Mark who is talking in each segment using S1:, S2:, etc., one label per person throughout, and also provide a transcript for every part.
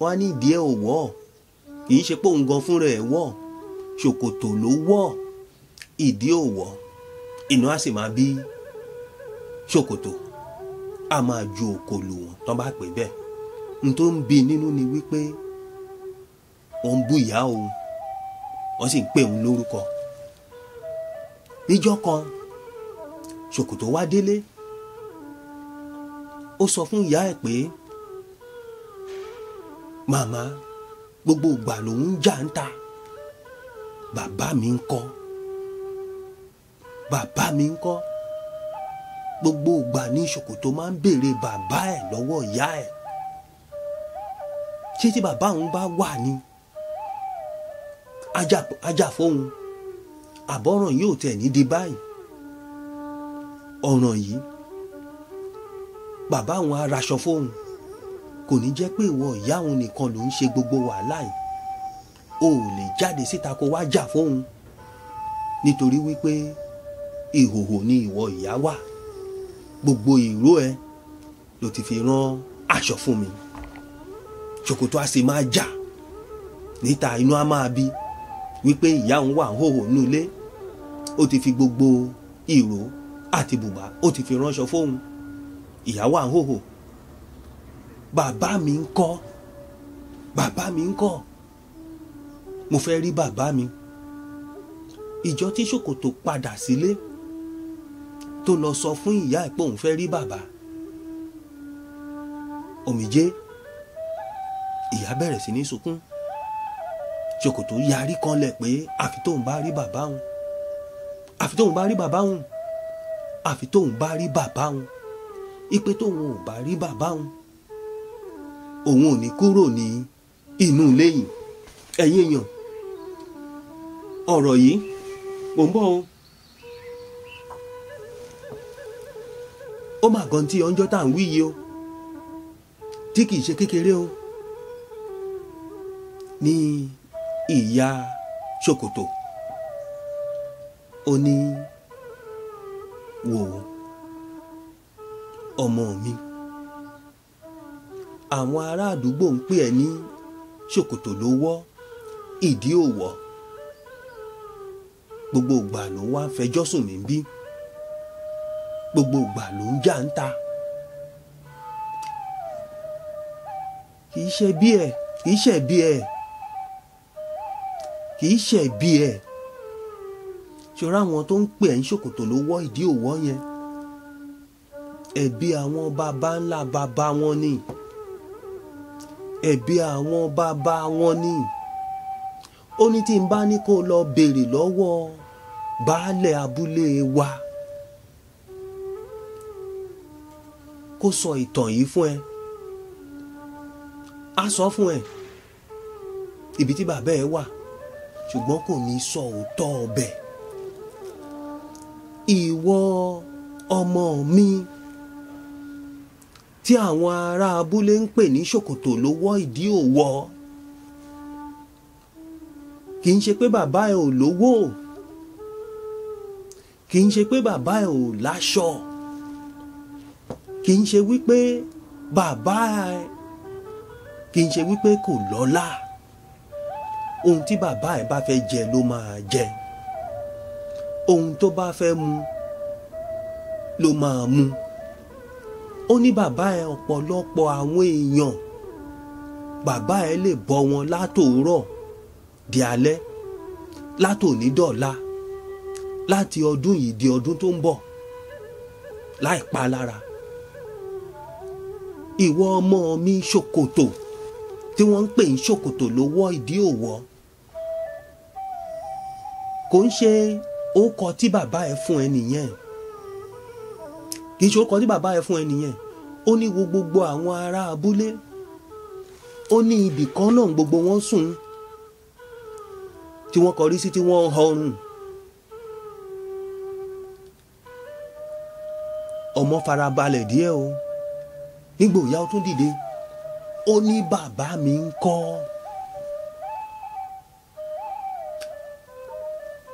S1: wọ́n á ní ìdí ẹ̀ ò wọ̀ kì í ṣe pé òun gan fúnra ẹ̀ wọ̀ ṣòkòtò ló wọ̀ ìdí ò wọ̀ inú á sì máa bí ṣòkòtò á máa ju òkòlù wọn tán bá pè bẹ́ẹ̀ n tó ń bi nínú ni wípé wọ́n ń bú ìyá òun wọ́n sì ń pè òun lórúkọ níjọ́ kan ṣòkòtò wá délé ó sọ fún ìyá ẹ̀ pé. E màmá gbogbo ìgbà lòun jà ń ta bàbá mi ń kọ́ bàbá mi ń kọ́ gbogbo ìgbà ní ṣòkòtò máa ń béèrè bàbá ẹ̀ lọ́wọ́ ìyá ẹ̀ ṣé tí bàbá òun bá wà ní ajáfóhun àbọ̀ràn yóò tẹ̀ ní di báyìí ọ̀ràn yìí bàbá òun á raṣọ fóhun kò ní jẹ́ pé ìwọ ìyá òun nìkan ló ń ṣe gbogbo wàhálà yìí o ò lè jáde síta kó wá jà fóun nítorí wípé ìhòhò ni ìwọ ìyá wà gbogbo ìró ẹ ló ti fi rán aṣọ fún mi ṣòkòtò a sì máa jà níta inú a máa bí wípé ìyá òun wà ń hòhò nínú ilé ó ti fi gbogbo ìró àti bùbá ó ti fi ránṣọ fóun ìyá wà ń hòhò bàbá mi ń kọ́ bàbá mi ń kọ́ mo fẹ́ rí bàbá mi ìjọ tí ṣòkòtò padà sílé tó lọ sọ fún ìyá ẹ̀ pé òun fẹ́ rí bàbá omijé ìyá bẹ̀rẹ̀ sí ní sunkún ṣòkòtò yarí kanlẹ̀ pé àfi tóun bá rí bàbá òun àfi tóun bá rí bàbá òun àfi tóun bá rí bàbá òun ipe tóun ò bá rí bàbá òun òun ò ní kúrò ní inú ilé yìí ẹ̀yin èèyàn ọ̀rọ̀ yìí mò ń bọ̀ o ó mà gan tí ọjọ́ tá à ń wí yìí o tí kìí ṣe kékeré o ní ìyá ṣòkòtò ó ní wò ọmọ mi àwọn ará àdúgbò ń pè ẹ́ ní ṣòkòtò ló wọ́ ìdí òwọ́ gbogbo ìgbà ló wá ń fẹjọ́ sùn mí bí gbogbo ìgbà ló ń jà ń ta kì í ṣe bí ẹ kì í ṣe bí ẹ kì í ṣe bí ẹ ṣọra àwọn tó ń pè ẹ́ ń ṣòkòtò ló wọ́ ìdí òwọ́ yẹn ẹ̀bi àwọn baba ńlá baba wọn ni ẹ̀bi àwọn bàbá wọn ni ó ní tí n bá ní kó lọ béèrè lọ́wọ́ baálẹ̀ abúlé wa kó sọ ìtàn yìí fún ẹ á sọ fún ẹ ibi tí bàbá ẹ wà ṣùgbọ́n kò ní sọ òótọ́ ọbẹ̀ ìwọ ọmọ mi tí àwọn ará abúlé ń pè ní ṣòkòtò lówó ìdí òwò kì í ṣe pé bàbá ẹ ò lówó kì í ṣe pé bàbá ẹ ò láṣọ kì í ṣe wípé bàbá ẹ kì í ṣe wípé kò lọ́lá ohun tí bàbá ẹ bá fẹ́ jẹ ló máa jẹ ohun tó bá fẹ́ mu ló máa mu ó ní bàbá ẹ ọ̀pọ̀lọpọ̀ àwọn èèyàn bàbá ẹ lè bọ́ wọn látòórọ̀ di alẹ́ látòní dọ̀la láti ọdún yìí di ọdún tó ń bọ̀ láì pa lára ìwọ ọmọ mi ṣòkòtò tí wọ́n ń pè ní ṣòkòtò ló wọ́ ìdí òwọ́ kò ń ṣe ó kọ tí bàbá ẹ fún ẹ nìyẹn kì í ṣe orúkọ tí bàbá yẹn fún ẹ nìyẹn ó ní wo gbogbo àwọn ará abúlé ó ní ibì kan náà gbogbo wọn sùn tí wọ́n kọrí sí tí wọ́n họrùn ọmọ farabalẹ̀ díẹ̀ o nígbò ìyá ó tún dìde ó ní bàbá mi ń kọ́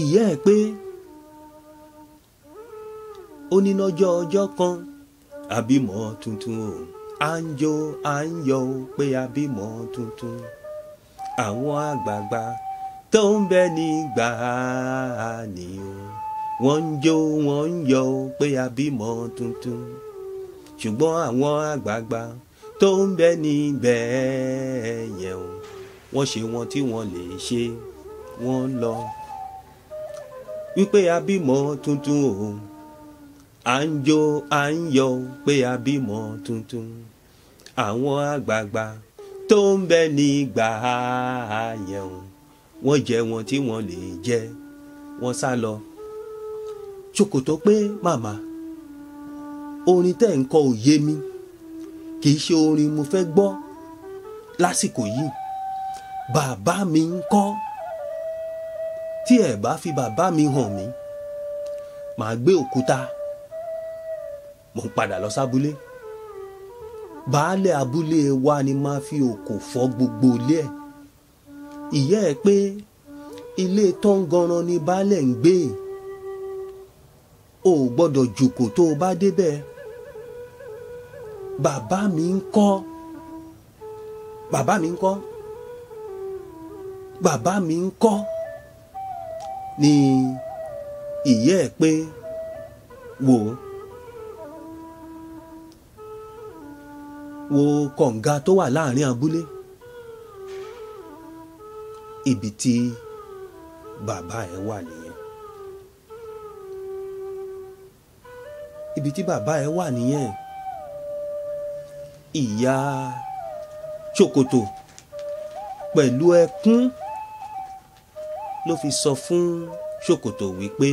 S1: ìyá ẹ̀ pé ó ní lọ́jọ́ ọjọ́ kan àbímọ tuntun o à ń jó à ń yọ̀ o pé àbímọ tuntun àwọn àgbààgbà tó ń bẹ nígbà ni o wọ́n ń jó wọ́n ń yọ̀ o pé àbímọ tuntun ṣùgbọ́n àwọn àgbààgbà tó ń bẹ níbẹ̀ yẹn o wọ́n ṣe wọn tí wọ́n lè ṣe wọ́n lọ wípé àbímọ tuntun o à ń jó à ń yọ̀ pé a bímọ tuntun àwọn àgbààgbà tó ń bẹ nígbà yẹn wọ́n jẹ wọn tí wọ́n lè jẹ wọ́n sá lọ ṣòkòtò pé màmá orin tẹ́ ń kọ òye mi kì í ṣe orin mo fẹ́ gbọ́ lásìkò yìí bàbá mi ń kọ́ tí ẹ̀ bá fi bàbá mi hàn mí màá gbé òkúta mo ń padà lọ sábúlé baálé abúlé wa ni máa fi òkò fọ́ gbogbo ilé ẹ̀ ìyá ẹ̀ pé ilé tọ́ngànran ni baálé ń gbé o ò gbọ́dọ̀ jòkó tó o bá débẹ̀ bàbá mi ń kọ́ bàbá mi ń kọ́ bàbá mi ń kọ́ ni ìyá ẹ̀ pé wò ó. wo kọ̀ǹga tó wà láàrin abúlé ibi tí bàbá ẹ wà nìyẹn ibi tí bàbá ẹ wà nìyẹn ìyá ṣòkòtò pẹ̀lú ẹkún ló fi sọ fún ṣòkòtò wípé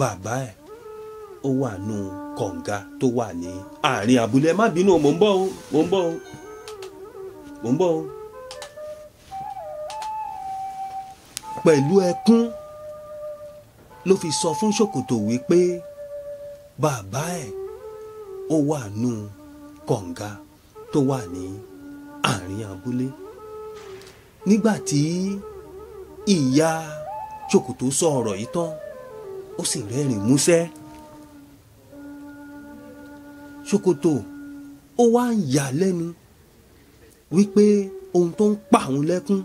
S1: bàbá ẹ ó wà nù kọ̀ǹga tó wà ní àárín abúlé má bínú mò ń bọ̀ o mò ń bọ̀ o mò ń bọ̀ o. pẹ̀lú ẹkún ló fi sọ fún ṣòkòtò wípé bàbá ẹ̀ ó wà nù kọ̀ǹga tó wà ní àárín abúlé nígbà tí ìyá ṣòkòtò sọ ọ̀rọ̀ yìí tán ó sì rẹ́rìn músẹ́ ṣòkòtò ó wá ń yà lẹ́nu wípé ohun tó ń pa òun lẹ́kún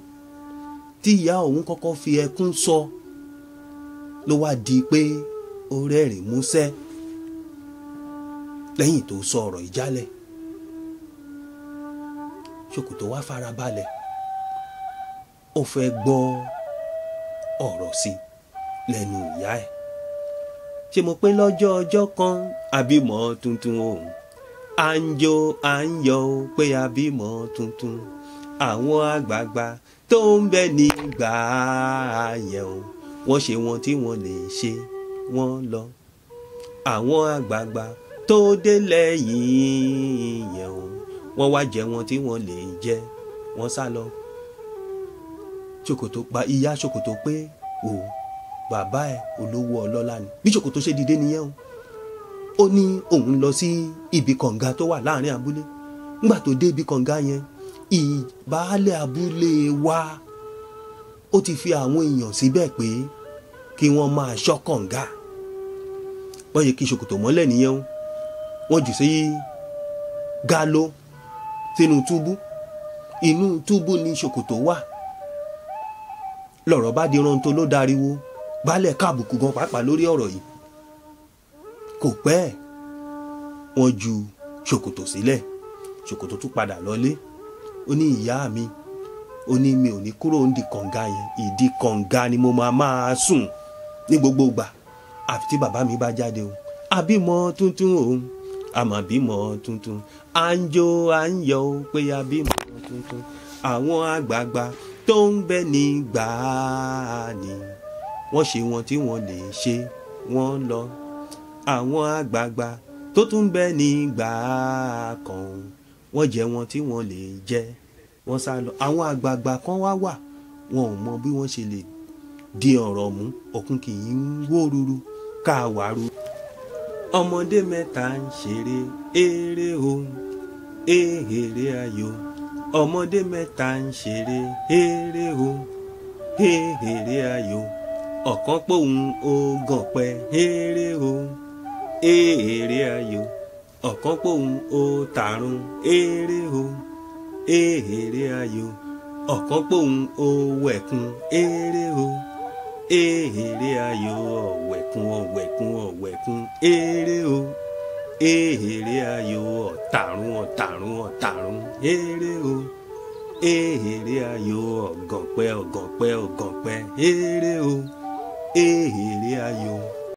S1: tí ìyá òun kọ́kọ́ fi ẹkún sọ ló wá di pé ó rẹ́rìn músẹ́ lẹ́yìn tó sọ ọ̀rọ̀ ìjálẹ̀ ṣòkòtò wá farabalẹ̀ ó fẹ́ gbọ́ ọ̀rọ̀ sí lẹ́nu ìyá ẹ̀ ṣé mo pé lọ́jọ́ ọjọ́ kan àbímọ tuntun o à ń jó à ń yọ̀ o pé àbímọ tuntun àwọn àgbààgbà tó ń bẹ nígbà yẹn o wọ́n ṣe wọn tí wọ́n lè ṣe wọ́n lọ àwọn àgbààgbà tó dé lẹ́yìn yẹn o wọ́n wá jẹ wọn tí wọ́n lè jẹ wọ́n sá lọ ṣòkòtò pa ìyá ṣòkòtò pé o. Oh bàbá ẹ olówó ọlọ́lá ni bí ṣòkòtò ṣe dìde nìyẹn o ó ní òun lọ sí ibi kànga tó wà láàrin abúlé nígbà tó dé ibi kànga yẹn ìbálẹ̀ abúlé wa ó ti fi àwọn èèyàn síbẹ̀ pé kí wọ́n máa ṣọ́ kànga wọ́n yẹ kí ṣòkòtò mọ́lẹ̀ nìyẹn o wọ́n jù sí galo sínú túbú inú túbú ni ṣòkòtò wà lọ̀rọ̀ bá di rántó ló dariwo baálẹ̀ káàbùkù gan pàápàá lórí ọ̀rọ̀ yìí kò pẹ́ ẹ̀ wọ́n ju ṣòkòtò sílẹ̀ ṣòkòtò tún padà lọ́lé ó ní ìyá mi ó ní mi ò ní kúrò ń di kànga yẹn ìdí kànga ni mo máa máa sùn ní gbogbo ìgbà àfi tí bàbá mi bá jáde o àbímọ tuntun o àmọ́ bímọ tuntun à ń jó à ń yọ̀ o pé àbímọ tuntun àwọn àgbààgbà tó ń bẹ ní gbàá ni wọ́n ṣe wọn tí wọ́n lè ṣe wọ́n lọ àwọn àgbààgbà tó tún ń bẹ ní ìgbà kan wọ́n jẹ wọn tí wọ́n lè jẹ wọ́n sá lọ àwọn àgbààgbà kan wá wà wọn ò mọ bí wọ́n ṣe lè di ọ̀rọ̀ mú ọ̀kun kì í wó ruru ká wàá ruru. ọmọdé mẹ́ta ń ṣeré eré ohun èrè ayò ọmọdé mẹ́ta ń ṣeré eré ohun èrè ayò ọ̀kan pòun ogàn pẹ́ eré o eré ayò ọ̀kan pòun o tàrun eré o eré ayò ọ̀kan pòun o wẹ̀kùn eré o eré ayò ọ̀wẹ̀kùn ọ̀wẹ̀kùn ọ̀wẹ̀kùn eré o eré ayò ọ̀tàrun ọ̀tàrun ọ̀tàrun eré o eré ayò ọ̀gànpẹ́ ọ̀gànpẹ́ ọ̀gànpẹ́ eré o. El ayo.